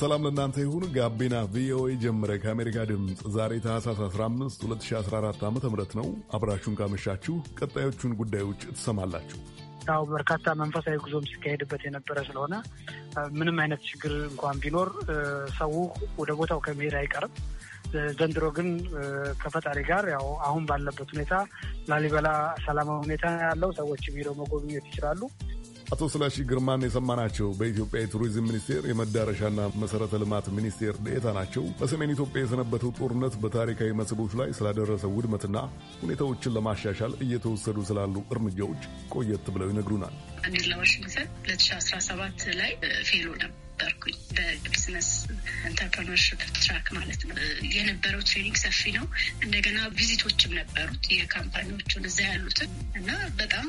ሰላም ለእናንተ ይሁን። ጋቢና ቪኦኤ ጀመረ። ከአሜሪካ ድምፅ ዛሬ ታህሳስ 15 2014 ዓ ም ነው። አብራችሁን ካመሻችሁ ቀጣዮቹን ጉዳዮች ትሰማላችሁ። ያው በርካታ መንፈሳዊ ጉዞም ሲካሄድበት የነበረ ስለሆነ ምንም አይነት ችግር እንኳን ቢኖር ሰው ወደ ቦታው ከመሄድ አይቀርም። ዘንድሮ ግን ከፈጣሪ ጋር ያው አሁን ባለበት ሁኔታ ላሊበላ ሰላማዊ ሁኔታ ያለው ሰዎች ቢሮ መጎብኘት ይችላሉ። አቶ ስላሺ ግርማን የሰማናቸው በኢትዮጵያ የቱሪዝም ሚኒስቴር የመዳረሻና መሰረተ ልማት ሚኒስቴር ዴኤታ ናቸው። በሰሜን ኢትዮጵያ የሰነበተው ጦርነት በታሪካዊ መስህቦች ላይ ስላደረሰ ውድመትና ሁኔታዎችን ለማሻሻል እየተወሰዱ ስላሉ እርምጃዎች ቆየት ብለው ይነግሩናል። እኔ ለዋሽንግተን 2017 ላይ ፌሎ ነው ነበርኩኝ በቢዝነስ ኢንተርፕረነርሽፕ ትራክ ማለት ነው። የነበረው ትሬኒንግ ሰፊ ነው። እንደገና ቪዚቶችም ነበሩት የካምፓኒዎቹን እዛ ያሉትን እና በጣም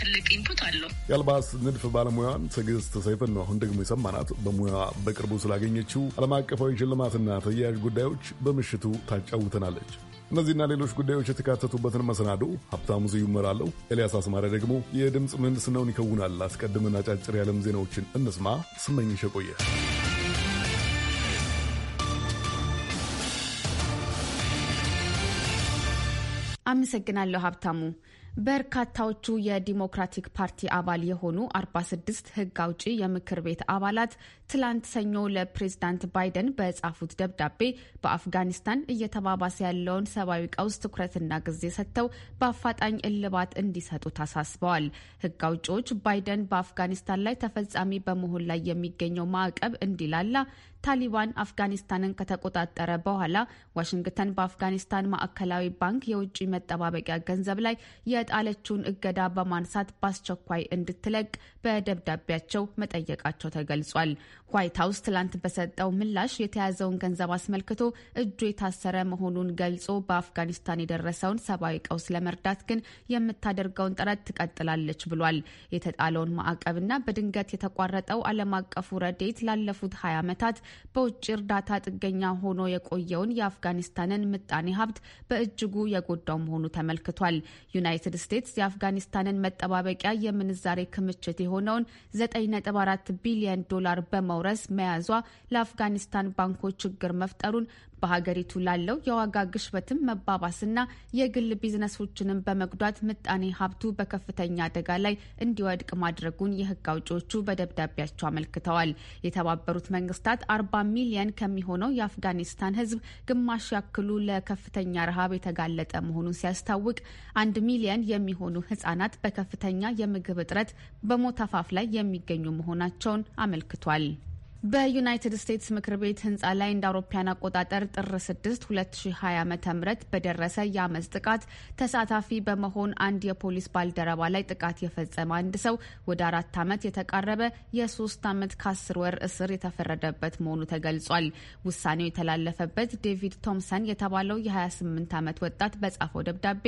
ትልቅ ኢንፑት አለው። የአልባስ ንድፍ ባለሙያን ትዕግስት ሰይፍን ነው አሁን ደግሞ የሰማናት። በሙያ በቅርቡ ስላገኘችው ዓለም አቀፋዊ ሽልማትና ተያያዥ ጉዳዮች በምሽቱ ታጫውተናለች። እነዚህና ሌሎች ጉዳዮች የተካተቱበትን መሰናዶ ሀብታሙ ዝዩ እመራለሁ። ኤልያስ አስማሪያ ደግሞ የድምፅ ምህንድስናውን ይከውናል። አስቀድመን አጫጭር የዓለም ዜናዎችን እንስማ። ስመኝሽ የቆየ አመሰግናለሁ ሀብታሙ። በርካታዎቹ የዲሞክራቲክ ፓርቲ አባል የሆኑ 46 ህግ አውጪ የምክር ቤት አባላት ትላንት ሰኞ ለፕሬዝዳንት ባይደን በጻፉት ደብዳቤ በአፍጋኒስታን እየተባባሰ ያለውን ሰብአዊ ቀውስ ትኩረትና ጊዜ ሰጥተው በአፋጣኝ እልባት እንዲሰጡ ታሳስበዋል። ህግ አውጪዎች ባይደን በአፍጋኒስታን ላይ ተፈጻሚ በመሆን ላይ የሚገኘው ማዕቀብ እንዲላላ ታሊባን አፍጋኒስታንን ከተቆጣጠረ በኋላ ዋሽንግተን በአፍጋኒስታን ማዕከላዊ ባንክ የውጭ መጠባበቂያ ገንዘብ ላይ የጣለችውን እገዳ በማንሳት በአስቸኳይ እንድትለቅ በደብዳቤያቸው መጠየቃቸው ተገልጿል። ዋይት ሀውስ ትላንት በሰጠው ምላሽ የተያዘውን ገንዘብ አስመልክቶ እጁ የታሰረ መሆኑን ገልጾ በአፍጋኒስታን የደረሰውን ሰብአዊ ቀውስ ለመርዳት ግን የምታደርገውን ጥረት ትቀጥላለች ብሏል። የተጣለውን ማዕቀብና በድንገት የተቋረጠው ዓለም አቀፉ ረዴት ላለፉት 20 ዓመታት በውጭ እርዳታ ጥገኛ ሆኖ የቆየውን የአፍጋኒስታንን ምጣኔ ሀብት በእጅጉ የጎዳው መሆኑ ተመልክቷል። ዩናይትድ ስቴትስ የአፍጋኒስታንን መጠባበቂያ የምንዛሬ ክምችት የሆነውን 9.4 ቢሊዮን ዶላር በመውረስ መያዟ ለአፍጋኒስታን ባንኮች ችግር መፍጠሩን በሀገሪቱ ላለው የዋጋ ግሽበትም መባባስና የግል ቢዝነሶችንም በመጉዳት ምጣኔ ሀብቱ በከፍተኛ አደጋ ላይ እንዲወድቅ ማድረጉን የህግ አውጪዎቹ በደብዳቤያቸው አመልክተዋል። የተባበሩት መንግስታት አርባ ሚሊየን ከሚሆነው የአፍጋኒስታን ህዝብ ግማሽ ያክሉ ለከፍተኛ ረሃብ የተጋለጠ መሆኑን ሲያስታውቅ አንድ ሚሊየን የሚሆኑ ህጻናት በከፍተኛ የምግብ እጥረት በሞት አፋፍ ላይ የሚገኙ መሆናቸውን አመልክቷል። በዩናይትድ ስቴትስ ምክር ቤት ህንፃ ላይ እንደ አውሮፓያን አቆጣጠር ጥር 6 2020 ዓ ም በደረሰ የአመፅ ጥቃት ተሳታፊ በመሆን አንድ የፖሊስ ባልደረባ ላይ ጥቃት የፈጸመ አንድ ሰው ወደ አራት ዓመት የተቃረበ የሶስት ዓመት ከአስር ወር እስር የተፈረደበት መሆኑ ተገልጿል። ውሳኔው የተላለፈበት ዴቪድ ቶምሰን የተባለው የ28 ዓመት ወጣት በጻፈው ደብዳቤ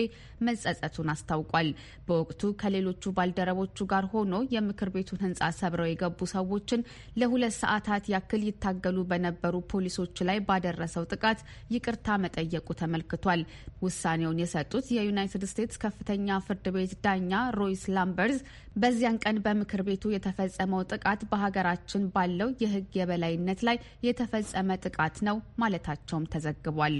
መጸጸቱን አስታውቋል። በወቅቱ ከሌሎቹ ባልደረቦቹ ጋር ሆኖ የምክር ቤቱን ህንፃ ሰብረው የገቡ ሰዎችን ለሁለት ሰዓት ለሰዓታት ያክል ይታገሉ በነበሩ ፖሊሶች ላይ ባደረሰው ጥቃት ይቅርታ መጠየቁ ተመልክቷል። ውሳኔውን የሰጡት የዩናይትድ ስቴትስ ከፍተኛ ፍርድ ቤት ዳኛ ሮይስ ላምበርዝ በዚያን ቀን በምክር ቤቱ የተፈጸመው ጥቃት በሀገራችን ባለው የሕግ የበላይነት ላይ የተፈጸመ ጥቃት ነው ማለታቸውም ተዘግቧል።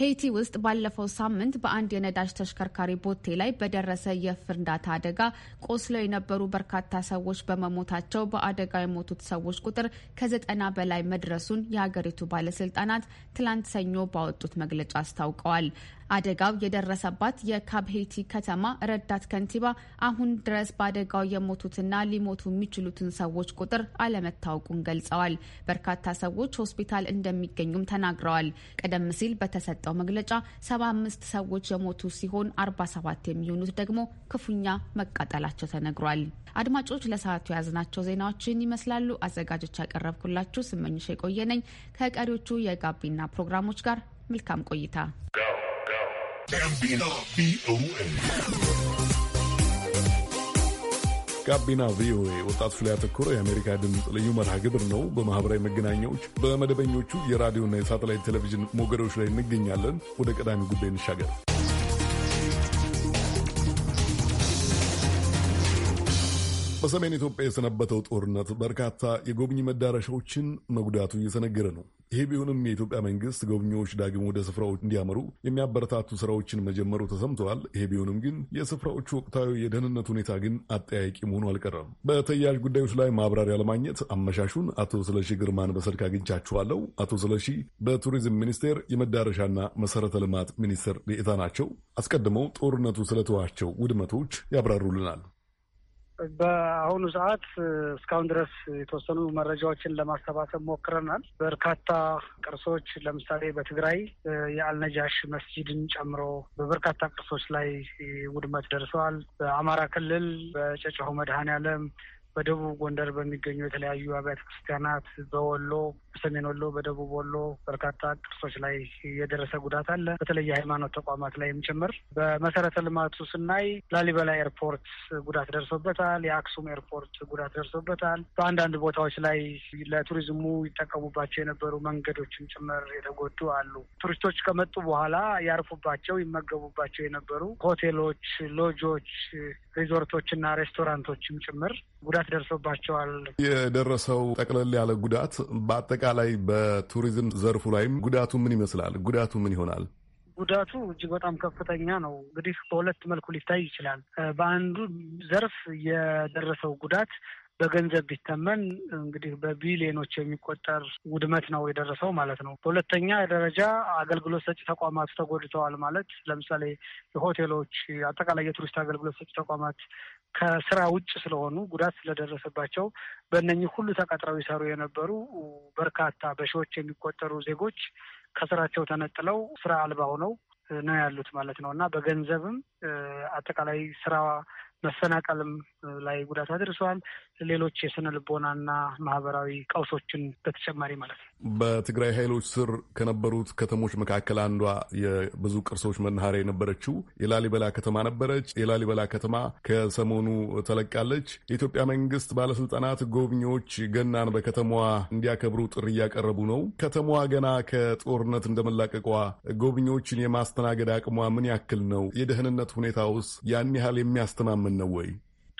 ሄይቲ ውስጥ ባለፈው ሳምንት በአንድ የነዳጅ ተሽከርካሪ ቦቴ ላይ በደረሰ የፍንዳታ አደጋ ቆስለው የነበሩ በርካታ ሰዎች በመሞታቸው በአደጋው የሞቱት ሰዎች ቁጥር ከዘጠና በላይ መድረሱን የሀገሪቱ ባለስልጣናት ትላንት ሰኞ ባወጡት መግለጫ አስታውቀዋል። አደጋው የደረሰባት የካብሄቲ ከተማ ረዳት ከንቲባ አሁን ድረስ በአደጋው የሞቱትና ሊሞቱ የሚችሉትን ሰዎች ቁጥር አለመታወቁን ገልጸዋል። በርካታ ሰዎች ሆስፒታል እንደሚገኙም ተናግረዋል። ቀደም ሲል በተሰጠው መግለጫ 75 ሰዎች የሞቱ ሲሆን 47 የሚሆኑት ደግሞ ክፉኛ መቃጠላቸው ተነግሯል። አድማጮች ለሰዓቱ የያዝናቸው ዜናዎችን ይመስላሉ። አዘጋጆች ያቀረብኩላችሁ ስመኝሽ የቆየነኝ ከቀሪዎቹ የጋቢና ፕሮግራሞች ጋር መልካም ቆይታ ጋቢና ቪኦኤ ወጣት ቪኦኤ ወጣቶች ላይ ያተኮረ የአሜሪካ ድምፅ ልዩ መርሃ ግብር ነው። በማህበራዊ መገናኛዎች በመደበኞቹ የራዲዮና የሳተላይት ቴሌቪዥን ሞገዶች ላይ እንገኛለን። ወደ ቀዳሚ ጉዳይ እንሻገር። በሰሜን ኢትዮጵያ የሰነበተው ጦርነት በርካታ የጎብኚ መዳረሻዎችን መጉዳቱ እየተነገረ ነው። ይሄ ቢሆንም የኢትዮጵያ መንግስት ጎብኚዎች ዳግም ወደ ስፍራዎች እንዲያመሩ የሚያበረታቱ ስራዎችን መጀመሩ ተሰምተዋል። ይሄ ቢሆንም ግን የስፍራዎቹ ወቅታዊ የደህንነት ሁኔታ ግን አጠያቂ መሆኑ አልቀረም። በተያያዥ ጉዳዮች ላይ ማብራሪያ ለማግኘት አመሻሹን አቶ ስለሺ ግርማን በስልክ አግኝቻችኋለሁ። አቶ ስለሺ በቱሪዝም ሚኒስቴር የመዳረሻና መሰረተ ልማት ሚኒስትር ዴኤታ ናቸው። አስቀድመው ጦርነቱ ስለተዋቸው ውድመቶች ያብራሩልናል። በአሁኑ ሰዓት እስካሁን ድረስ የተወሰኑ መረጃዎችን ለማሰባሰብ ሞክረናል። በርካታ ቅርሶች ለምሳሌ በትግራይ የአልነጃሽ መስጂድን ጨምሮ በበርካታ ቅርሶች ላይ ውድመት ደርሰዋል። በአማራ ክልል በጨጨሆ መድኃኔ ዓለም በደቡብ ጎንደር በሚገኙ የተለያዩ አብያተ ክርስቲያናት፣ በወሎ በሰሜን ወሎ፣ በደቡብ ወሎ በርካታ ቅርሶች ላይ የደረሰ ጉዳት አለ። በተለይ የሃይማኖት ተቋማት ላይም ጭምር። በመሰረተ ልማቱ ስናይ ላሊበላ ኤርፖርት ጉዳት ደርሶበታል። የአክሱም ኤርፖርት ጉዳት ደርሶበታል። በአንዳንድ ቦታዎች ላይ ለቱሪዝሙ ይጠቀሙባቸው የነበሩ መንገዶችም ጭምር የተጎዱ አሉ። ቱሪስቶች ከመጡ በኋላ ያርፉባቸው ይመገቡባቸው የነበሩ ሆቴሎች፣ ሎጆች፣ ሪዞርቶች እና ሬስቶራንቶችም ጭምር ጉዳት ጉዳት ደርሶባቸዋል። የደረሰው ጠቅለል ያለ ጉዳት በአጠቃላይ በቱሪዝም ዘርፉ ላይም ጉዳቱ ምን ይመስላል? ጉዳቱ ምን ይሆናል? ጉዳቱ እጅግ በጣም ከፍተኛ ነው። እንግዲህ በሁለት መልኩ ሊታይ ይችላል። በአንዱ ዘርፍ የደረሰው ጉዳት በገንዘብ ቢተመን እንግዲህ በቢሊዮኖች የሚቆጠር ውድመት ነው የደረሰው ማለት ነው። በሁለተኛ ደረጃ አገልግሎት ሰጪ ተቋማት ተጎድተዋል ማለት ለምሳሌ የሆቴሎች፣ አጠቃላይ የቱሪስት አገልግሎት ሰጪ ተቋማት ከስራ ውጭ ስለሆኑ ጉዳት ስለደረሰባቸው በእነኚህ ሁሉ ተቀጥረው ይሰሩ የነበሩ በርካታ በሺዎች የሚቆጠሩ ዜጎች ከስራቸው ተነጥለው ስራ አልባ ሆነው ነው ያሉት ማለት ነው እና በገንዘብም አጠቃላይ ስራ መፈናቀልም ላይ ጉዳት አድርሰዋል። ሌሎች የስነ ልቦናና ማህበራዊ ቀውሶችን በተጨማሪ ማለት ነው። በትግራይ ኃይሎች ስር ከነበሩት ከተሞች መካከል አንዷ የብዙ ቅርሶች መናኸሪያ የነበረችው የላሊበላ ከተማ ነበረች። የላሊበላ ከተማ ከሰሞኑ ተለቃለች። የኢትዮጵያ መንግስት ባለስልጣናት ጎብኚዎች ገናን በከተማዋ እንዲያከብሩ ጥሪ እያቀረቡ ነው። ከተማዋ ገና ከጦርነት እንደመላቀቋ ጎብኚዎችን የማስተናገድ አቅሟ ምን ያክል ነው? የደህንነት ሁኔታ ውስጥ ያን ያህል የሚያስተማምን የሚጠቁምን ነው ወይ?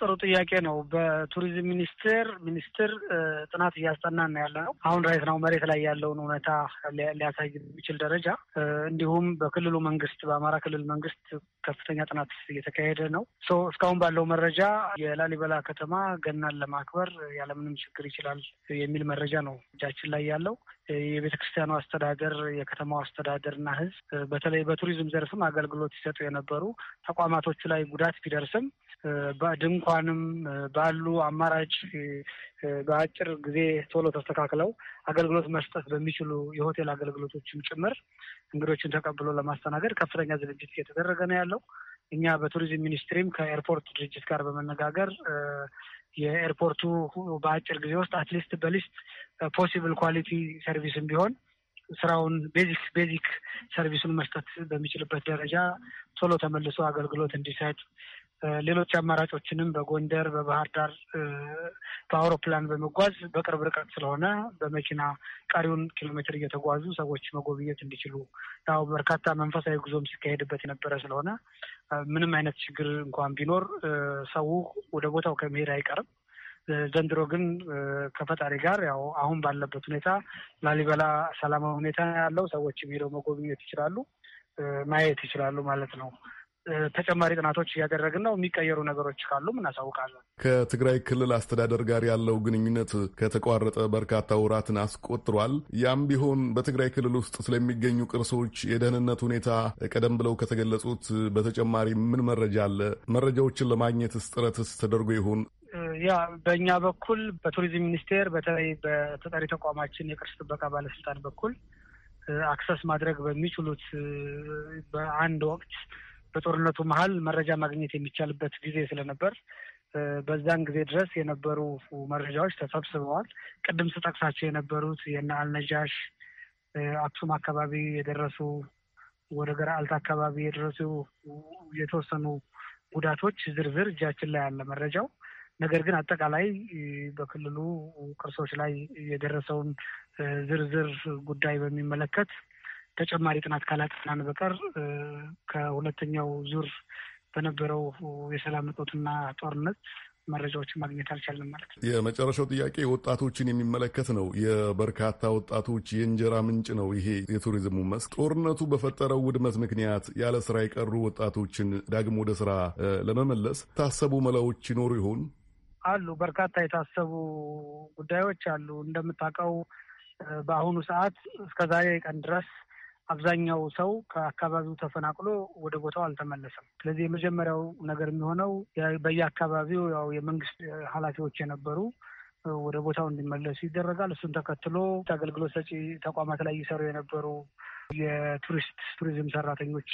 ጥሩ ጥያቄ ነው። በቱሪዝም ሚኒስቴር ሚኒስትር ጥናት እያስጠናን ነው ያለ ነው። አሁን ራይት ነው መሬት ላይ ያለውን እውነታ ሊያሳይ የሚችል ደረጃ እንዲሁም በክልሉ መንግስት፣ በአማራ ክልል መንግስት ከፍተኛ ጥናት እየተካሄደ ነው። እስካሁን ባለው መረጃ የላሊበላ ከተማ ገናን ለማክበር ያለምንም ችግር ይችላል የሚል መረጃ ነው እጃችን ላይ ያለው። የቤተ ክርስቲያኑ አስተዳደር፣ የከተማው አስተዳደርና ህዝብ በተለይ በቱሪዝም ዘርፍም አገልግሎት ሲሰጡ የነበሩ ተቋማቶቹ ላይ ጉዳት ቢደርስም በድንኳንም ባሉ አማራጭ በአጭር ጊዜ ቶሎ ተስተካክለው አገልግሎት መስጠት በሚችሉ የሆቴል አገልግሎቶችም ጭምር እንግዶችን ተቀብሎ ለማስተናገድ ከፍተኛ ዝግጅት እየተደረገ ነው ያለው። እኛ በቱሪዝም ሚኒስትሪም ከኤርፖርት ድርጅት ጋር በመነጋገር የኤርፖርቱ በአጭር ጊዜ ውስጥ አትሊስት በሊስት ፖሲብል ኳሊቲ ሰርቪስም ቢሆን ስራውን ቤዚክ ቤዚክ ሰርቪሱን መስጠት በሚችልበት ደረጃ ቶሎ ተመልሶ አገልግሎት እንዲሰጥ ሌሎች አማራጮችንም በጎንደር፣ በባህር ዳር በአውሮፕላን በመጓዝ በቅርብ ርቀት ስለሆነ በመኪና ቀሪውን ኪሎ ሜትር እየተጓዙ ሰዎች መጎብኘት እንዲችሉ ያው በርካታ መንፈሳዊ ጉዞም ሲካሄድበት የነበረ ስለሆነ ምንም አይነት ችግር እንኳን ቢኖር ሰው ወደ ቦታው ከመሄድ አይቀርም። ዘንድሮ ግን ከፈጣሪ ጋር ያው አሁን ባለበት ሁኔታ ላሊበላ ሰላማዊ ሁኔታ ያለው ሰዎች ሄደው መጎብኘት ይችላሉ፣ ማየት ይችላሉ ማለት ነው። ተጨማሪ ጥናቶች እያደረግን ነው። የሚቀየሩ ነገሮች ካሉም እናሳውቃለን። ከትግራይ ክልል አስተዳደር ጋር ያለው ግንኙነት ከተቋረጠ በርካታ ወራትን አስቆጥሯል። ያም ቢሆን በትግራይ ክልል ውስጥ ስለሚገኙ ቅርሶች የደህንነት ሁኔታ ቀደም ብለው ከተገለጹት በተጨማሪ ምን መረጃ አለ? መረጃዎችን ለማግኘትስ ጥረትስ ተደርጎ ይሆን? ያ በእኛ በኩል በቱሪዝም ሚኒስቴር በተለይ በተጠሪ ተቋማችን የቅርስ ጥበቃ ባለስልጣን በኩል አክሰስ ማድረግ በሚችሉት በአንድ ወቅት በጦርነቱ መሀል መረጃ ማግኘት የሚቻልበት ጊዜ ስለነበር በዛን ጊዜ ድረስ የነበሩ መረጃዎች ተሰብስበዋል። ቅድም ስጠቅሳቸው የነበሩት የነ አልነጃሽ አክሱም አካባቢ የደረሱ ወደ አልት አካባቢ የደረሱ የተወሰኑ ጉዳቶች ዝርዝር እጃችን ላይ ያለ መረጃው ነገር ግን አጠቃላይ በክልሉ ቅርሶች ላይ የደረሰውን ዝርዝር ጉዳይ በሚመለከት ተጨማሪ ጥናት ካላጠናን በቀር ከሁለተኛው ዙር በነበረው የሰላም እጦትና ጦርነት መረጃዎችን ማግኘት አልቻለም ማለት ነው። የመጨረሻው ጥያቄ ወጣቶችን የሚመለከት ነው። የበርካታ ወጣቶች የእንጀራ ምንጭ ነው ይሄ የቱሪዝሙ መስክ። ጦርነቱ በፈጠረው ውድመት ምክንያት ያለ ስራ የቀሩ ወጣቶችን ዳግም ወደ ስራ ለመመለስ ታሰቡ መላዎች ይኖሩ ይሆን? አሉ። በርካታ የታሰቡ ጉዳዮች አሉ። እንደምታውቀው በአሁኑ ሰዓት እስከዛሬ ቀን ድረስ አብዛኛው ሰው ከአካባቢው ተፈናቅሎ ወደ ቦታው አልተመለሰም። ስለዚህ የመጀመሪያው ነገር የሚሆነው በየአካባቢው ያው የመንግስት ኃላፊዎች የነበሩ ወደ ቦታው እንዲመለሱ ይደረጋል። እሱን ተከትሎ አገልግሎት ሰጪ ተቋማት ላይ እየሰሩ የነበሩ የቱሪስት ቱሪዝም ሰራተኞች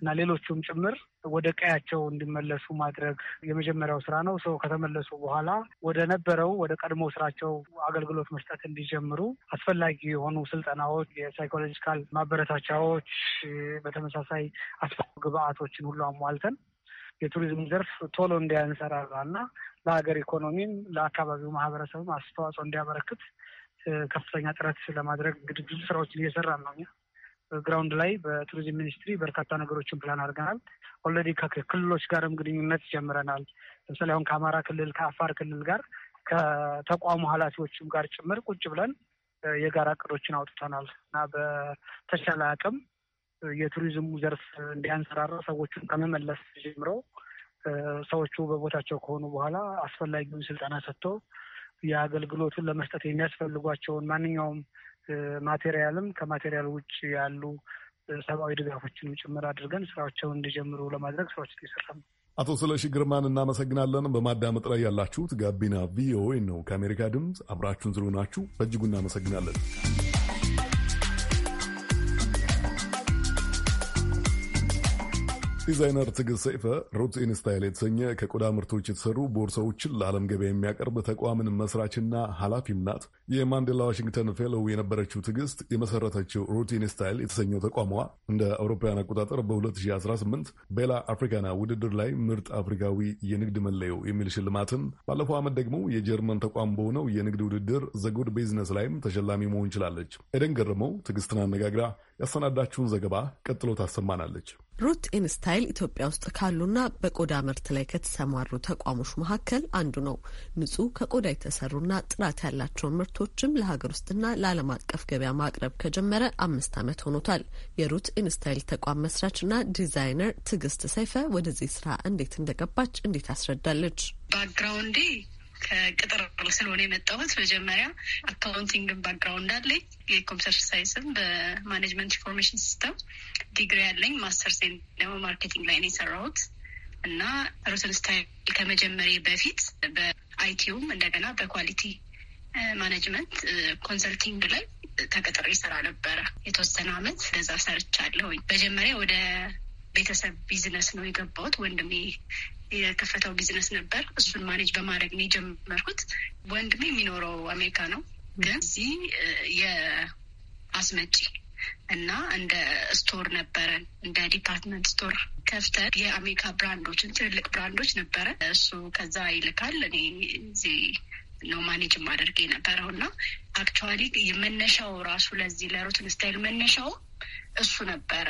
እና ሌሎቹም ጭምር ወደ ቀያቸው እንዲመለሱ ማድረግ የመጀመሪያው ስራ ነው። ሰው ከተመለሱ በኋላ ወደ ነበረው ወደ ቀድሞ ስራቸው አገልግሎት መስጠት እንዲጀምሩ አስፈላጊ የሆኑ ስልጠናዎች፣ የሳይኮሎጂካል ማበረታቻዎች፣ በተመሳሳይ አስፈላጊ ግብአቶችን ሁሉ አሟልተን የቱሪዝም ዘርፍ ቶሎ እንዲያንሰራራና ለሀገር ኢኮኖሚም ለአካባቢው ማህበረሰብም አስተዋጽኦ እንዲያበረክት ከፍተኛ ጥረት ለማድረግ እንግዲህ ብዙ ስራዎችን እየሰራን ነው እኛ ግራውንድ ላይ በቱሪዝም ሚኒስትሪ በርካታ ነገሮችን ፕላን አድርገናል። ኦልሬዲ ከክልሎች ጋርም ግንኙነት ጀምረናል። ለምሳሌ አሁን ከአማራ ክልል ከአፋር ክልል ጋር ከተቋሙ ኃላፊዎችም ጋር ጭምር ቁጭ ብለን የጋራ እቅዶችን አውጥተናል እና በተቻለ አቅም የቱሪዝሙ ዘርፍ እንዲያንሰራራ ሰዎቹን ከመመለስ ጀምሮ ሰዎቹ በቦታቸው ከሆኑ በኋላ አስፈላጊውን ስልጠና ሰጥቶ የአገልግሎቱን ለመስጠት የሚያስፈልጓቸውን ማንኛውም ማቴሪያልም ከማቴሪያል ውጭ ያሉ ሰብአዊ ድጋፎችን ጭምር አድርገን ስራቸውን እንዲጀምሩ ለማድረግ ስራዎች እየሰራ ነው። አቶ ስለሺ ግርማን እናመሰግናለን። በማዳመጥ ላይ ያላችሁት ጋቢና ቪኦኤ ነው። ከአሜሪካ ድምፅ አብራችሁን ስለሆናችሁ በእጅጉ እናመሰግናለን። ዲዛይነር ትግስት ሰይፈ ሩቲን ስታይል የተሰኘ ከቆዳ ምርቶች የተሰሩ ቦርሳዎችን ለዓለም ገበያ የሚያቀርብ ተቋምን መስራችና ኃላፊም ናት። የማንዴላ ዋሽንግተን ፌሎው የነበረችው ትዕግስት የመሰረተችው ሩቲን ስታይል የተሰኘው ተቋሟ እንደ አውሮፓውያን አቆጣጠር በ2018 ቤላ አፍሪካና ውድድር ላይ ምርጥ አፍሪካዊ የንግድ መለየው የሚል ሽልማትን፣ ባለፈው ዓመት ደግሞ የጀርመን ተቋም በሆነው የንግድ ውድድር ዘጉድ ቢዝነስ ላይም ተሸላሚ መሆን ችላለች። ኤደን ገረመው ትግስትን አነጋግራ ያሰናዳችሁን ዘገባ ቀጥሎ ታሰማናለች። ሩት ኢንስታይል ኢትዮጵያ ውስጥ ካሉና በቆዳ ምርት ላይ ከተሰማሩ ተቋሞች መካከል አንዱ ነው። ንጹህ ከቆዳ የተሰሩና ጥራት ያላቸውን ምርቶችም ለሀገር ውስጥና ለዓለም አቀፍ ገበያ ማቅረብ ከጀመረ አምስት ዓመት ሆኖታል። የሩት ኢንስታይል ተቋም መስራችና ዲዛይነር ትዕግስት ሰይፈ ወደዚህ ስራ እንዴት እንደገባች እንዴት አስረዳለች። ባክግራውንዴ ከቅጥር ስለሆነ የመጣሁት መጀመሪያ አካውንቲንግን ባግራውንድ አለኝ። የኮምፒተር ሳይንስም በማኔጅመንት ኢንፎርሜሽን ሲስተም ዲግሪ ያለኝ፣ ማስተር ደግሞ ማርኬቲንግ ላይ ነው የሰራሁት እና ሮስን ስታይል ከመጀመሪ በፊት በአይቲውም እንደገና በኳሊቲ ማኔጅመንት ኮንሰልቲንግ ላይ ተቀጥሮ ይሰራ ነበረ። የተወሰነ አመት ለዛ ሰርቻለሁኝ። መጀመሪያ ወደ ቤተሰብ ቢዝነስ ነው የገባሁት። ወንድሜ የከፈተው ቢዝነስ ነበር። እሱን ማኔጅ በማድረግ ነው የጀመርኩት። ወንድሜ የሚኖረው አሜሪካ ነው፣ ግን እዚህ የአስመጪ እና እንደ ስቶር ነበረን እንደ ዲፓርትመንት ስቶር ከፍተን የአሜሪካ ብራንዶችን ትልልቅ ብራንዶች ነበረ። እሱ ከዛ ይልካል፣ እኔ እዚህ ነው ማኔጅ ማደርግ የነበረው እና አክቹዋሊ መነሻው ራሱ ለዚህ ለሩትን ስታይል መነሻው እሱ ነበረ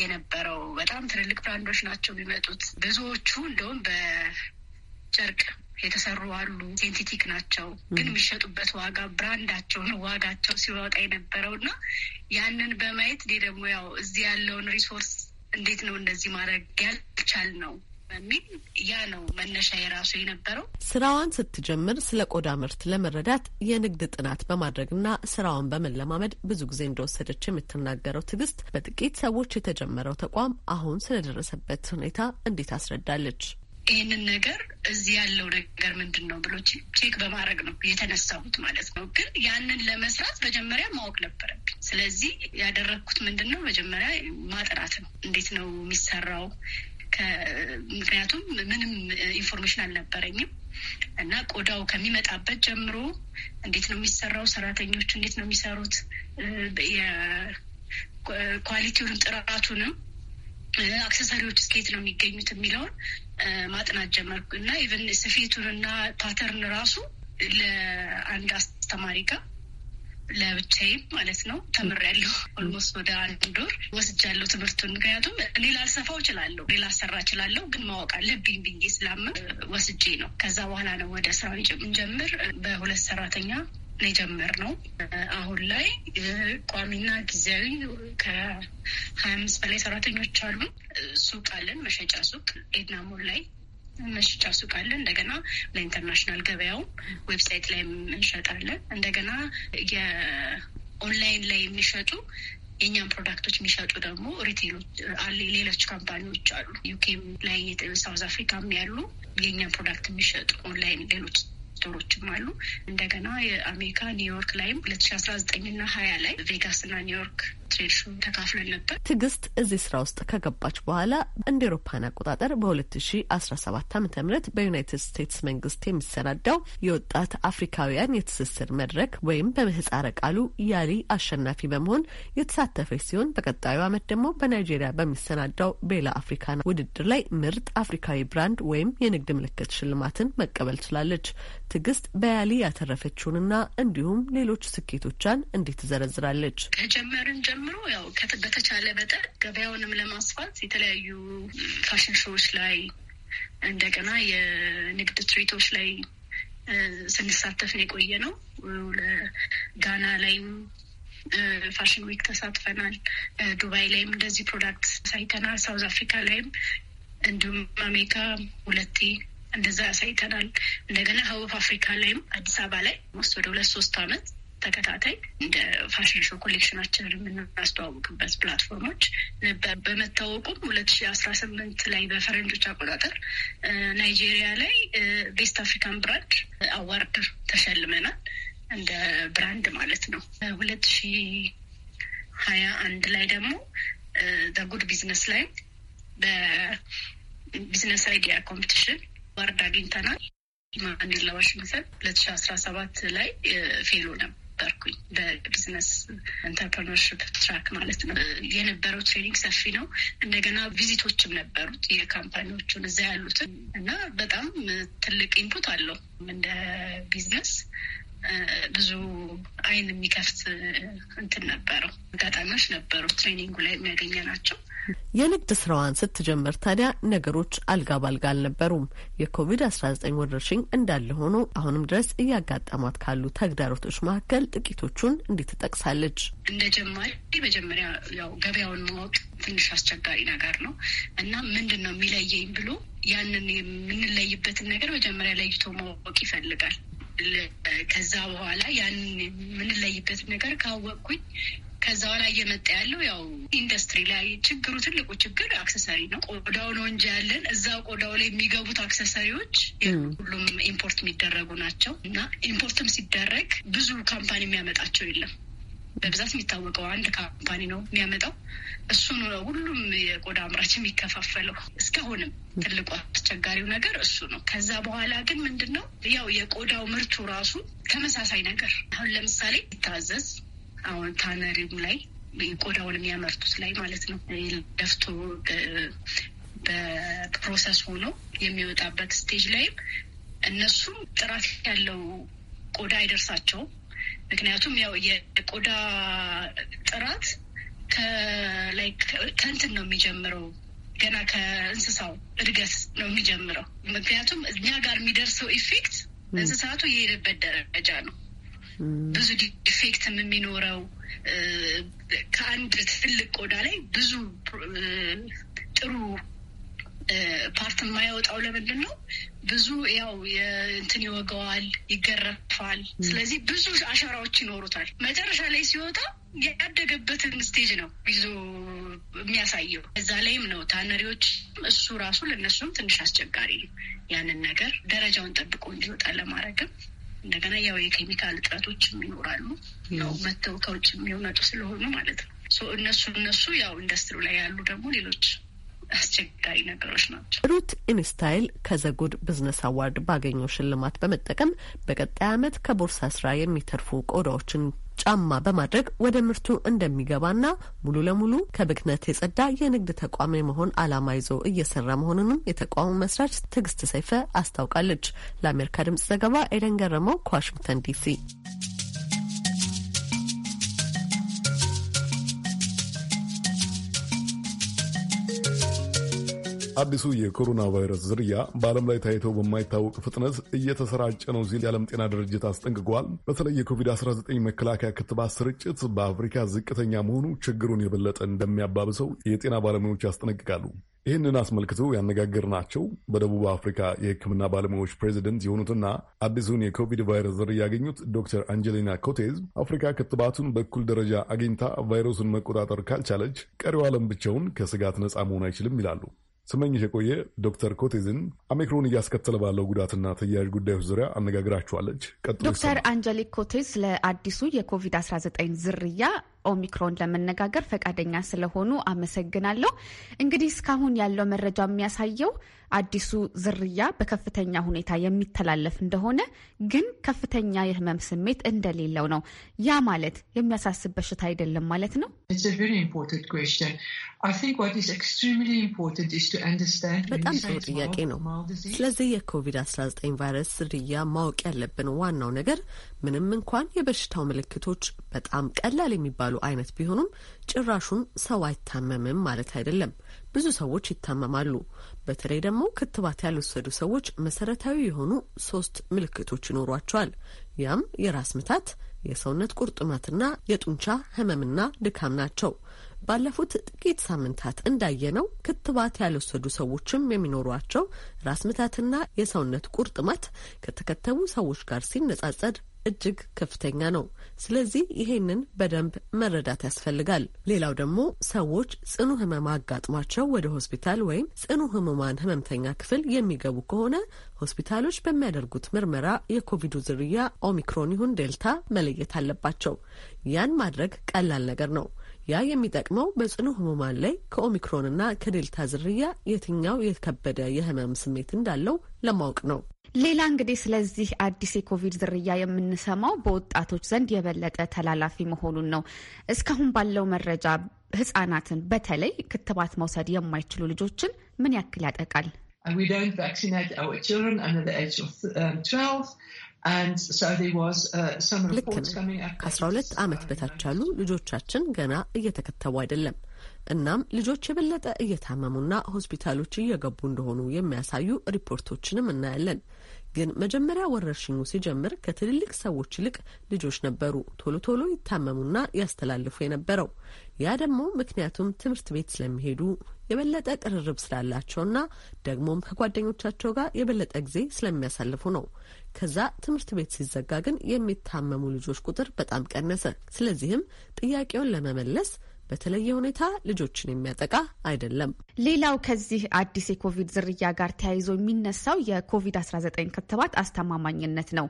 የነበረው። በጣም ትልልቅ ብራንዶች ናቸው የሚመጡት። ብዙዎቹ እንደውም በጨርቅ የተሰሩ አሉ፣ ሴንቲቲክ ናቸው። ግን የሚሸጡበት ዋጋ ብራንዳቸውን ዋጋቸው ሲወጣ የነበረው እና ያንን በማየት እኔ ደግሞ ያው እዚህ ያለውን ሪሶርስ እንዴት ነው እንደዚህ ማድረግ ያልቻል ነው በሚል ያ ነው መነሻ የራሱ የነበረው። ስራዋን ስትጀምር ስለ ቆዳ ምርት ለመረዳት የንግድ ጥናት በማድረግና ስራዋን በመለማመድ ብዙ ጊዜ እንደወሰደች የምትናገረው ትዕግስት በጥቂት ሰዎች የተጀመረው ተቋም አሁን ስለደረሰበት ሁኔታ እንዴት አስረዳለች። ይህንን ነገር እዚህ ያለው ነገር ምንድን ነው ብሎ ቼክ በማድረግ ነው የተነሳሁት ማለት ነው። ግን ያንን ለመስራት መጀመሪያ ማወቅ ነበረብኝ። ስለዚህ ያደረግኩት ምንድን ነው መጀመሪያ ማጥናት ነው። እንዴት ነው የሚሰራው ምክንያቱም ምንም ኢንፎርሜሽን አልነበረኝም እና ቆዳው ከሚመጣበት ጀምሮ እንዴት ነው የሚሰራው፣ ሰራተኞች እንዴት ነው የሚሰሩት፣ ኳሊቲውንም ጥራቱንም አክሰሰሪዎች እስከየት ነው የሚገኙት የሚለውን ማጥናት ጀመርኩ እና ኢቨን ስፌቱንና ፓተርን ራሱ ለአንድ አስተማሪ ጋር ለብቻዬም ማለት ነው ተምሬያለሁ። ኦልሞስት ወደ አንድ ወር ወስጃለሁ ትምህርቱን። ምክንያቱም እኔ ላልሰፋው እችላለሁ፣ እኔ ላሰራ እችላለሁ፣ ግን ማወቅ አለብኝ ብዬ ስላምን ወስጄ ነው። ከዛ በኋላ ነው ወደ ስራ ጀምር በሁለት ሰራተኛ ነው የጀመርነው። አሁን ላይ ቋሚና ጊዜያዊ ከሀያ አምስት በላይ ሰራተኞች አሉ። ሱቅ አለን፣ መሸጫ ሱቅ ኤድናሞል ላይ መሸጫ ሱቅ አለ። እንደገና ለኢንተርናሽናል ገበያውም ዌብሳይት ላይ እንሸጣለን። እንደገና የኦንላይን ላይ የሚሸጡ የእኛም ፕሮዳክቶች የሚሸጡ ደግሞ ሪቴሎች ሌሎች ካምፓኒዎች አሉ። ዩኬም ላይ ሳውዝ አፍሪካም ያሉ የእኛም ፕሮዳክት የሚሸጡ ኦንላይን ሌሎች ስቶሮችም አሉ። እንደገና የአሜሪካ ኒውዮርክ ላይም ሁለት ሺ አስራ ዘጠኝ ና ሀያ ላይ ቬጋስ ና ኒውዮርክ ትሬድሱ ተካፍለን ነበር። ትዕግስት እዚህ ስራ ውስጥ ከገባች በኋላ እንደ ኤሮፓን አቆጣጠር በ2017 ዓ ም በዩናይትድ ስቴትስ መንግስት የሚሰናዳው የወጣት አፍሪካውያን የትስስር መድረክ ወይም በምህፃረ ቃሉ ያሊ አሸናፊ በመሆን የተሳተፈች ሲሆን በቀጣዩ አመት ደግሞ በናይጄሪያ በሚሰናዳው ቤላ አፍሪካና ውድድር ላይ ምርጥ አፍሪካዊ ብራንድ ወይም የንግድ ምልክት ሽልማትን መቀበል ችላለች። ትዕግስት በያሊ ያተረፈችውንና እንዲሁም ሌሎች ስኬቶቿን እንዴት ትዘረዝራለች? ከጀመርን ጀምሮ ያው በተቻለ መጠን ገበያውንም ለማስፋት የተለያዩ ፋሽን ሾዎች ላይ እንደገና የንግድ ትርኢቶች ላይ ስንሳተፍ ነው የቆየ ነው። ጋና ላይም ፋሽን ዊክ ተሳትፈናል። ዱባይ ላይም እንደዚህ ፕሮዳክት ሳይተናል። ሳውዝ አፍሪካ ላይም እንዲሁም አሜሪካ ሁለቴ እንደዛ ያሳይተናል። እንደገና ሀወፍ አፍሪካ ላይም አዲስ አበባ ላይ ውስጥ ወደ ሁለት ሶስት አመት ተከታታይ እንደ ፋሽን ሾው ኮሌክሽናችንን የምናስተዋውቅበት ፕላትፎርሞች በመታወቁም ሁለት ሺ አስራ ስምንት ላይ በፈረንጆች አቆጣጠር ናይጄሪያ ላይ ቤስት አፍሪካን ብራንድ አዋርድ ተሸልመናል። እንደ ብራንድ ማለት ነው። ሁለት ሺ ሀያ አንድ ላይ ደግሞ በጉድ ቢዝነስ ላይ በቢዝነስ አይዲያ ኮምፒቲሽን ዋርድ አግኝተናል። ማንዴላ ዋሽንግተን ሁለት ሺ አስራ ሰባት ላይ ፌሎ ነበርኩኝ በቢዝነስ ኢንተርፕርነርሽፕ ትራክ ማለት ነው። የነበረው ትሬኒንግ ሰፊ ነው። እንደገና ቪዚቶችም ነበሩት የካምፓኒዎቹን እዛ ያሉትን እና በጣም ትልቅ ኢንፑት አለው እንደ ቢዝነስ ብዙ አይን የሚከፍት እንትን ነበረው፣ አጋጣሚዎች ነበሩ ትሬኒንጉ ላይ የሚያገኘ ናቸው። የንግድ ስራዋን ስትጀምር ታዲያ ነገሮች አልጋ ባልጋ አልነበሩም። የኮቪድ-19 ወረርሽኝ እንዳለ ሆኖ አሁንም ድረስ እያጋጠሟት ካሉ ተግዳሮቶች መካከል ጥቂቶቹን እንዲህ ትጠቅሳለች። እንደ ጀማሪ መጀመሪያ ያው ገበያውን ማወቅ ትንሽ አስቸጋሪ ነገር ነው እና ምንድን ነው የሚለየኝ ብሎ ያንን የምንለይበትን ነገር መጀመሪያ ለይቶ ማወቅ ይፈልጋል። ከዛ በኋላ ያንን የምንለይበት ነገር ካወቅኩኝ ከዛ ኋላ እየመጣ ያለው ያው ኢንዱስትሪ ላይ ችግሩ ትልቁ ችግር አክሰሰሪ ነው። ቆዳው ነው እንጂ ያለን እዛ ቆዳው ላይ የሚገቡት አክሰሰሪዎች ሁሉም ኢምፖርት የሚደረጉ ናቸው እና ኢምፖርትም ሲደረግ ብዙ ካምፓኒ የሚያመጣቸው የለም። በብዛት የሚታወቀው አንድ ካምፓኒ ነው የሚያመጣው። እሱን ሁሉም የቆዳ አምራች የሚከፋፈለው እስካሁንም ትልቁ አስቸጋሪው ነገር እሱ ነው። ከዛ በኋላ ግን ምንድን ነው ያው የቆዳው ምርቱ ራሱ ተመሳሳይ ነገር አሁን ለምሳሌ ይታዘዝ አሁን ታነሪም ላይ ቆዳውን የሚያመርቱት ላይ ማለት ነው ለፍቶ በፕሮሰስ ሆኖ የሚወጣበት ስቴጅ ላይም እነሱም ጥራት ያለው ቆዳ አይደርሳቸውም። ምክንያቱም ያው የቆዳ ጥራት ከእንትን ነው የሚጀምረው ገና ከእንስሳው እድገት ነው የሚጀምረው። ምክንያቱም እኛ ጋር የሚደርሰው ኢፌክት እንስሳቱ የሄደበት ደረጃ ነው። ብዙ ዲፌክትም የሚኖረው ከአንድ ትልቅ ቆዳ ላይ ብዙ ጥሩ ፓርት የማያወጣው ለምንድን ነው? ብዙ ያው እንትን ይወገዋል፣ ይገረፋል። ስለዚህ ብዙ አሻራዎች ይኖሩታል። መጨረሻ ላይ ሲወጣ ያደገበትን ስቴጅ ነው ይዞ የሚያሳየው። እዛ ላይም ነው ታነሪዎች እሱ ራሱ ለእነሱም ትንሽ አስቸጋሪ ነው። ያንን ነገር ደረጃውን ጠብቆ እንዲወጣ ለማድረግም እንደገና ያው የኬሚካል እጥረቶችም ይኖራሉ። ያው መተው ከውጭ የሚመጡ ስለሆኑ ማለት ነው። እነሱ እነሱ ያው ኢንዱስትሪ ላይ ያሉ ደግሞ ሌሎች አስቸጋሪ ነገሮች ናቸው። ሩት ኢንስታይል ከዘጉድ ብዝነስ አዋርድ ባገኘው ሽልማት በመጠቀም በቀጣይ ዓመት ከቦርሳ ስራ የሚተርፉ ቆዳዎችን ጫማ በማድረግ ወደ ምርቱ እንደሚገባና ሙሉ ለሙሉ ከብክነት የጸዳ የንግድ ተቋም የመሆን ዓላማ ይዞ እየሰራ መሆኑንም የተቋሙ መስራች ትዕግስት ሰይፈ አስታውቃለች። ለአሜሪካ ድምጽ ዘገባ ኤደን ገረመው ከዋሽንግተን ዲሲ አዲሱ የኮሮና ቫይረስ ዝርያ በዓለም ላይ ታይተው በማይታወቅ ፍጥነት እየተሰራጨ ነው ሲል የዓለም ጤና ድርጅት አስጠንቅቋል። በተለይ የኮቪድ-19 መከላከያ ክትባት ስርጭት በአፍሪካ ዝቅተኛ መሆኑ ችግሩን የበለጠ እንደሚያባብሰው የጤና ባለሙያዎች ያስጠነቅቃሉ። ይህንን አስመልክቶ ያነጋገርናቸው በደቡብ አፍሪካ የሕክምና ባለሙያዎች ፕሬዚደንት የሆኑትና አዲሱን የኮቪድ ቫይረስ ዝርያ ያገኙት ዶክተር አንጀሊና ኮቴዝ አፍሪካ ክትባቱን በእኩል ደረጃ አግኝታ ቫይረሱን መቆጣጠር ካልቻለች ቀሪው ዓለም ብቻውን ከስጋት ነፃ መሆን አይችልም ይላሉ። ስመኝሽ የቆየ ዶክተር ኮቴዝን ኦሚክሮን እያስከተለ ባለው ጉዳትና ተያያዥ ጉዳዮች ዙሪያ አነጋግራችኋለች። ዶክተር አንጀሊክ ኮቴዝ ለአዲሱ የኮቪድ-19 ዝርያ ኦሚክሮን ለመነጋገር ፈቃደኛ ስለሆኑ አመሰግናለሁ። እንግዲህ እስካሁን ያለው መረጃ የሚያሳየው አዲሱ ዝርያ በከፍተኛ ሁኔታ የሚተላለፍ እንደሆነ ግን ከፍተኛ የህመም ስሜት እንደሌለው ነው። ያ ማለት የሚያሳስብ በሽታ አይደለም ማለት ነው። በጣም ጥሩ ጥያቄ ነው። ስለዚህ የኮቪድ-19 ቫይረስ ዝርያ ማወቅ ያለብን ዋናው ነገር ምንም እንኳን የበሽታው ምልክቶች በጣም ቀላል የሚባሉ አይነት ቢሆኑም ጭራሹን ሰው አይታመምም ማለት አይደለም። ብዙ ሰዎች ይታመማሉ። በተለይ ደግሞ ክትባት ያልወሰዱ ሰዎች መሰረታዊ የሆኑ ሶስት ምልክቶች ይኖሯቸዋል። ያም የራስ ምታት፣ የሰውነት ቁርጥማትና የጡንቻ ህመምና ድካም ናቸው። ባለፉት ጥቂት ሳምንታት እንዳየነው ክትባት ያልወሰዱ ሰዎችም የሚኖሯቸው ራስ ምታትና የሰውነት ቁርጥማት ከተከተቡ ሰዎች ጋር ሲነጻጸድ እጅግ ከፍተኛ ነው። ስለዚህ ይሄንን በደንብ መረዳት ያስፈልጋል። ሌላው ደግሞ ሰዎች ጽኑ ህመም አጋጥሟቸው ወደ ሆስፒታል ወይም ጽኑ ህሙማን ህመምተኛ ክፍል የሚገቡ ከሆነ ሆስፒታሎች በሚያደርጉት ምርመራ የኮቪዱ ዝርያ ኦሚክሮን ይሁን ዴልታ መለየት አለባቸው። ያን ማድረግ ቀላል ነገር ነው። ያ የሚጠቅመው በጽኑ ህሙማን ላይ ከኦሚክሮንና ከዴልታ ዝርያ የትኛው የከበደ የህመም ስሜት እንዳለው ለማወቅ ነው። ሌላ እንግዲህ ስለዚህ አዲስ የኮቪድ ዝርያ የምንሰማው በወጣቶች ዘንድ የበለጠ ተላላፊ መሆኑን ነው። እስካሁን ባለው መረጃ ህጻናትን በተለይ ክትባት መውሰድ የማይችሉ ልጆችን ምን ያክል ያጠቃል? Um, uh, ልክ ከ12 ዓመት በታች ያሉ ልጆቻችን ገና እየተከተቡ አይደለም። እናም ልጆች የበለጠ እየታመሙና ሆስፒታሎች እየገቡ እንደሆኑ የሚያሳዩ ሪፖርቶችንም እናያለን። ግን መጀመሪያ ወረርሽኙ ሲጀምር ከትልልቅ ሰዎች ይልቅ ልጆች ነበሩ ቶሎ ቶሎ ይታመሙና ያስተላልፉ የነበረው። ያ ደግሞ ምክንያቱም ትምህርት ቤት ስለሚሄዱ የበለጠ ቅርርብ ስላላቸውና ደግሞም ከጓደኞቻቸው ጋር የበለጠ ጊዜ ስለሚያሳልፉ ነው። ከዛ ትምህርት ቤት ሲዘጋ ግን የሚታመሙ ልጆች ቁጥር በጣም ቀነሰ። ስለዚህም ጥያቄውን ለመመለስ በተለየ ሁኔታ ልጆችን የሚያጠቃ አይደለም። ሌላው ከዚህ አዲስ የኮቪድ ዝርያ ጋር ተያይዞ የሚነሳው የኮቪድ-19 ክትባት አስተማማኝነት ነው።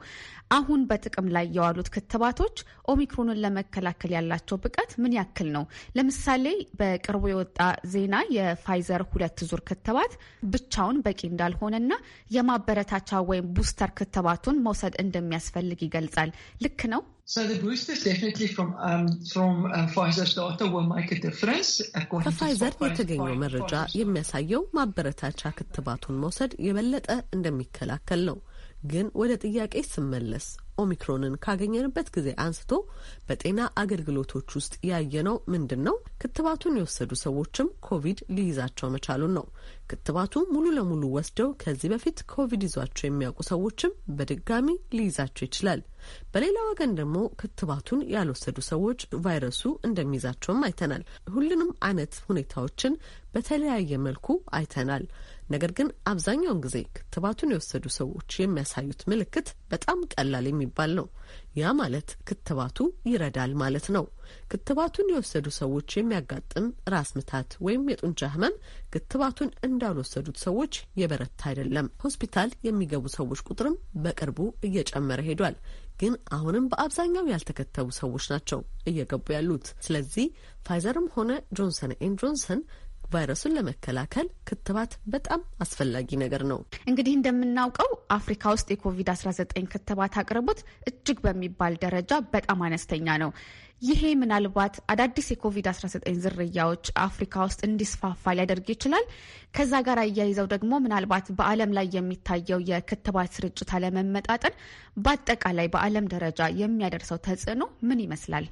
አሁን በጥቅም ላይ የዋሉት ክትባቶች ኦሚክሮንን ለመከላከል ያላቸው ብቃት ምን ያክል ነው? ለምሳሌ በቅርቡ የወጣ ዜና የፋይዘር ሁለት ዙር ክትባት ብቻውን በቂ እንዳልሆነና የማበረታቻ ወይም ቡስተር ክትባቱን መውሰድ እንደሚያስፈልግ ይገልጻል። ልክ ነው? ከፋይዘር um, uh, የተገኘው መረጃ የሚያሳየው ማበረታቻ ክትባቱን መውሰድ የበለጠ እንደሚከላከል ነው። ግን ወደ ጥያቄ ስመለስ ኦሚክሮንን ካገኘንበት ጊዜ አንስቶ በጤና አገልግሎቶች ውስጥ ያየነው ምንድን ነው? ክትባቱን የወሰዱ ሰዎችም ኮቪድ ሊይዛቸው መቻሉን ነው። ክትባቱ ሙሉ ለሙሉ ወስደው ከዚህ በፊት ኮቪድ ይዟቸው የሚያውቁ ሰዎችም በድጋሚ ሊይዛቸው ይችላል። በሌላ ወገን ደግሞ ክትባቱን ያልወሰዱ ሰዎች ቫይረሱ እንደሚይዛቸውም አይተናል። ሁሉንም አይነት ሁኔታዎችን በተለያየ መልኩ አይተናል። ነገር ግን አብዛኛውን ጊዜ ክትባቱን የወሰዱ ሰዎች የሚያሳዩት ምልክት በጣም ቀላል የሚባል ነው። ያ ማለት ክትባቱ ይረዳል ማለት ነው። ክትባቱን የወሰዱ ሰዎች የሚያጋጥም ራስ ምታት ወይም የጡንቻ ህመም ክትባቱን እንዳልወሰዱት ሰዎች የበረታ አይደለም። ሆስፒታል የሚገቡ ሰዎች ቁጥርም በቅርቡ እየጨመረ ሄዷል። ግን አሁንም በአብዛኛው ያልተከተቡ ሰዎች ናቸው እየገቡ ያሉት። ስለዚህ ፋይዘርም ሆነ ጆንሰን ኤን ጆንሰን ቫይረሱን ለመከላከል ክትባት በጣም አስፈላጊ ነገር ነው። እንግዲህ እንደምናውቀው አፍሪካ ውስጥ የኮቪድ-19 ክትባት አቅርቦት እጅግ በሚባል ደረጃ በጣም አነስተኛ ነው። ይሄ ምናልባት አዳዲስ የኮቪድ-19 ዝርያዎች አፍሪካ ውስጥ እንዲስፋፋ ሊያደርግ ይችላል። ከዛ ጋር አያይዘው ደግሞ ምናልባት በዓለም ላይ የሚታየው የክትባት ስርጭት አለመመጣጠን በአጠቃላይ በዓለም ደረጃ የሚያደርሰው ተጽዕኖ ምን ይመስላል?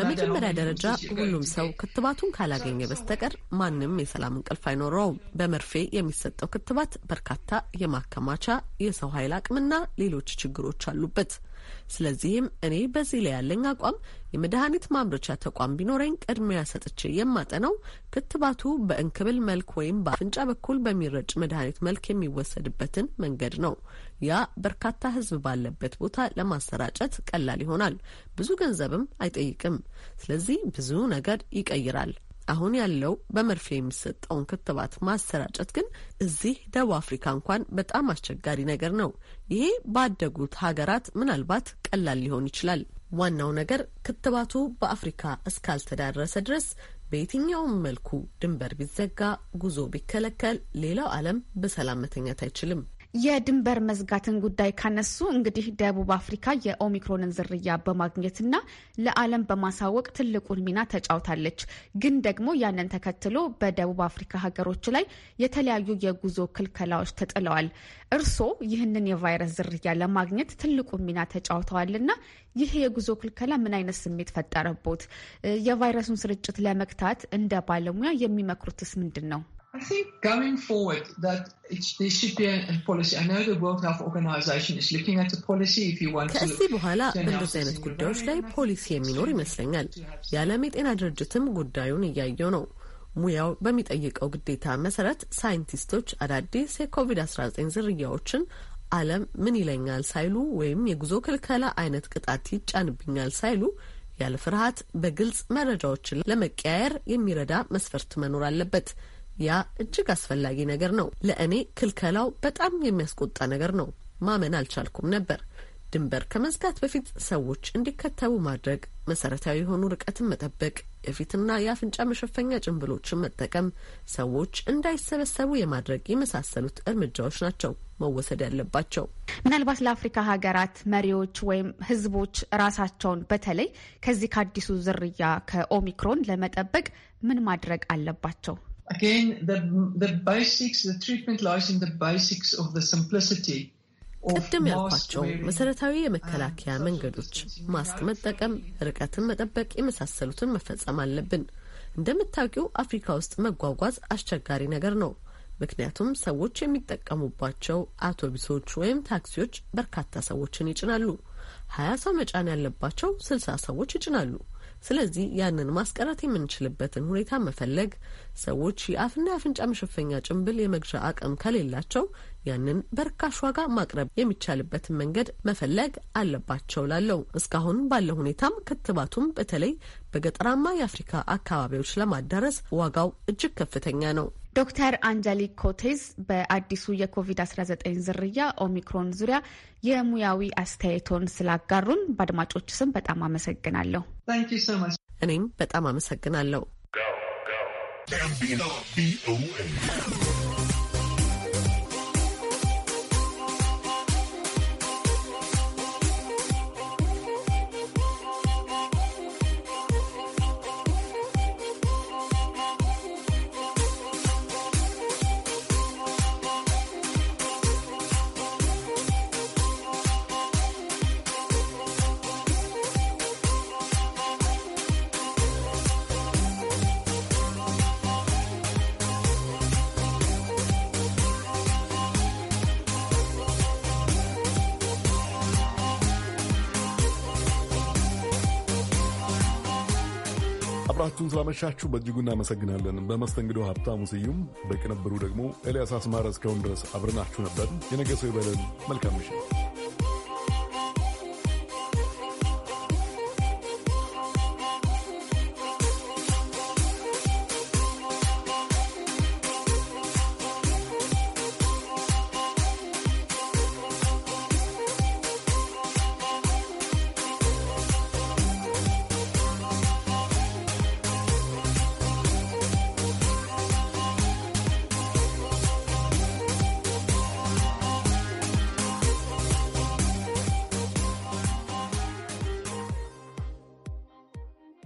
በመጀመሪያ ደረጃ ሁሉም ሰው ክትባቱን ካላገኘ በስተቀር ማንም የሰላም እንቅልፍ አይኖረውም። በመርፌ የሚሰጠው ክትባት በርካታ የማከማቻ የሰው ኃይል አቅምና ሌሎች ችግሮች አሉበት። ስለዚህም እኔ በዚህ ላይ ያለኝ አቋም የመድኃኒት ማምረቻ ተቋም ቢኖረኝ ቅድሚያ ሰጥቼ የማጠነው ክትባቱ በእንክብል መልክ ወይም በአፍንጫ በኩል በሚረጭ መድኃኒት መልክ የሚወሰድበትን መንገድ ነው። ያ በርካታ ህዝብ ባለበት ቦታ ለማሰራጨት ቀላል ይሆናል። ብዙ ገንዘብም አይጠይቅም። ስለዚህ ብዙ ነገር ይቀይራል። አሁን ያለው በመርፌ የሚሰጠውን ክትባት ማሰራጨት ግን እዚህ ደቡብ አፍሪካ እንኳን በጣም አስቸጋሪ ነገር ነው። ይሄ ባደጉት ሀገራት ምናልባት ቀላል ሊሆን ይችላል። ዋናው ነገር ክትባቱ በአፍሪካ እስካልተዳረሰ ድረስ በየትኛውም መልኩ ድንበር ቢዘጋ፣ ጉዞ ቢከለከል፣ ሌላው ዓለም በሰላም መተኛት አይችልም። የድንበር መዝጋትን ጉዳይ ካነሱ እንግዲህ ደቡብ አፍሪካ የኦሚክሮንን ዝርያ በማግኘትና ለዓለም በማሳወቅ ትልቁን ሚና ተጫውታለች። ግን ደግሞ ያንን ተከትሎ በደቡብ አፍሪካ ሀገሮች ላይ የተለያዩ የጉዞ ክልከላዎች ተጥለዋል። እርስዎ ይህንን የቫይረስ ዝርያ ለማግኘት ትልቁን ሚና ተጫውተዋልና ይህ የጉዞ ክልከላ ምን አይነት ስሜት ፈጠረቦት? የቫይረሱን ስርጭት ለመግታት እንደ ባለሙያ የሚመክሩትስ ምንድን ነው? I think going forward that there should be a, a policy. I know the World Health Organization is looking at a policy if you want to. ከዚህ በኋላ በእንደዚህ አይነት ጉዳዮች ላይ ፖሊሲ የሚኖር ይመስለኛል። የዓለም የጤና ድርጅትም ጉዳዩን እያየው ነው። ሙያው በሚጠይቀው ግዴታ መሰረት ሳይንቲስቶች አዳዲስ የኮቪድ-19 ዝርያዎችን ዓለም ምን ይለኛል ሳይሉ ወይም የጉዞ ክልከላ አይነት ቅጣት ይጫንብኛል ሳይሉ ያለ ፍርሃት በግልጽ መረጃዎችን ለመቀያየር የሚረዳ መስፈርት መኖር አለበት። ያ እጅግ አስፈላጊ ነገር ነው። ለእኔ ክልከላው በጣም የሚያስቆጣ ነገር ነው። ማመን አልቻልኩም ነበር። ድንበር ከመዝጋት በፊት ሰዎች እንዲከተቡ ማድረግ፣ መሰረታዊ የሆኑ ርቀትን መጠበቅ፣ የፊትና የአፍንጫ መሸፈኛ ጭንብሎችን መጠቀም፣ ሰዎች እንዳይሰበሰቡ የማድረግ የመሳሰሉት እርምጃዎች ናቸው መወሰድ ያለባቸው። ምናልባት ለአፍሪካ ሀገራት መሪዎች ወይም ሕዝቦች ራሳቸውን በተለይ ከዚህ ከአዲሱ ዝርያ ከኦሚክሮን ለመጠበቅ ምን ማድረግ አለባቸው? again, the, the basics, the treatment lies in the basics of the simplicity. ቅድም ያልኳቸው መሰረታዊ የመከላከያ መንገዶች ማስክ መጠቀም፣ ርቀትን መጠበቅ የመሳሰሉትን መፈጸም አለብን። እንደምታውቂው አፍሪካ ውስጥ መጓጓዝ አስቸጋሪ ነገር ነው። ምክንያቱም ሰዎች የሚጠቀሙባቸው አውቶቡሶች ወይም ታክሲዎች በርካታ ሰዎችን ይጭናሉ። ሀያ ሰው መጫን ያለባቸው ስልሳ ሰዎች ይጭናሉ። ስለዚህ ያንን ማስቀረት የምንችልበትን ሁኔታ መፈለግ፣ ሰዎች የአፍና የአፍንጫ መሸፈኛ ጭንብል የመግዣ አቅም ከሌላቸው ያንን በርካሽ ዋጋ ማቅረብ የሚቻልበትን መንገድ መፈለግ አለባቸው ላለው እስካሁን ባለው ሁኔታም ክትባቱም በተለይ በገጠራማ የአፍሪካ አካባቢዎች ለማዳረስ ዋጋው እጅግ ከፍተኛ ነው። ዶክተር አንጀሊክ ኮቴዝ በአዲሱ የኮቪድ-19 ዝርያ ኦሚክሮን ዙሪያ የሙያዊ አስተያየቶን ስላጋሩን በአድማጮች ስም በጣም አመሰግናለሁ። እኔም በጣም አመሰግናለሁ። አብራችሁን ስላመሻችሁ በእጅጉ እናመሰግናለን። በመስተንግዶ ሀብታሙ ስዩም፣ በቅንብሩ ደግሞ ኤልያስ አስማረ። እስካሁን ድረስ አብረናችሁ ነበር። የነገ ሰው ይበለን። መልካም ምሽት።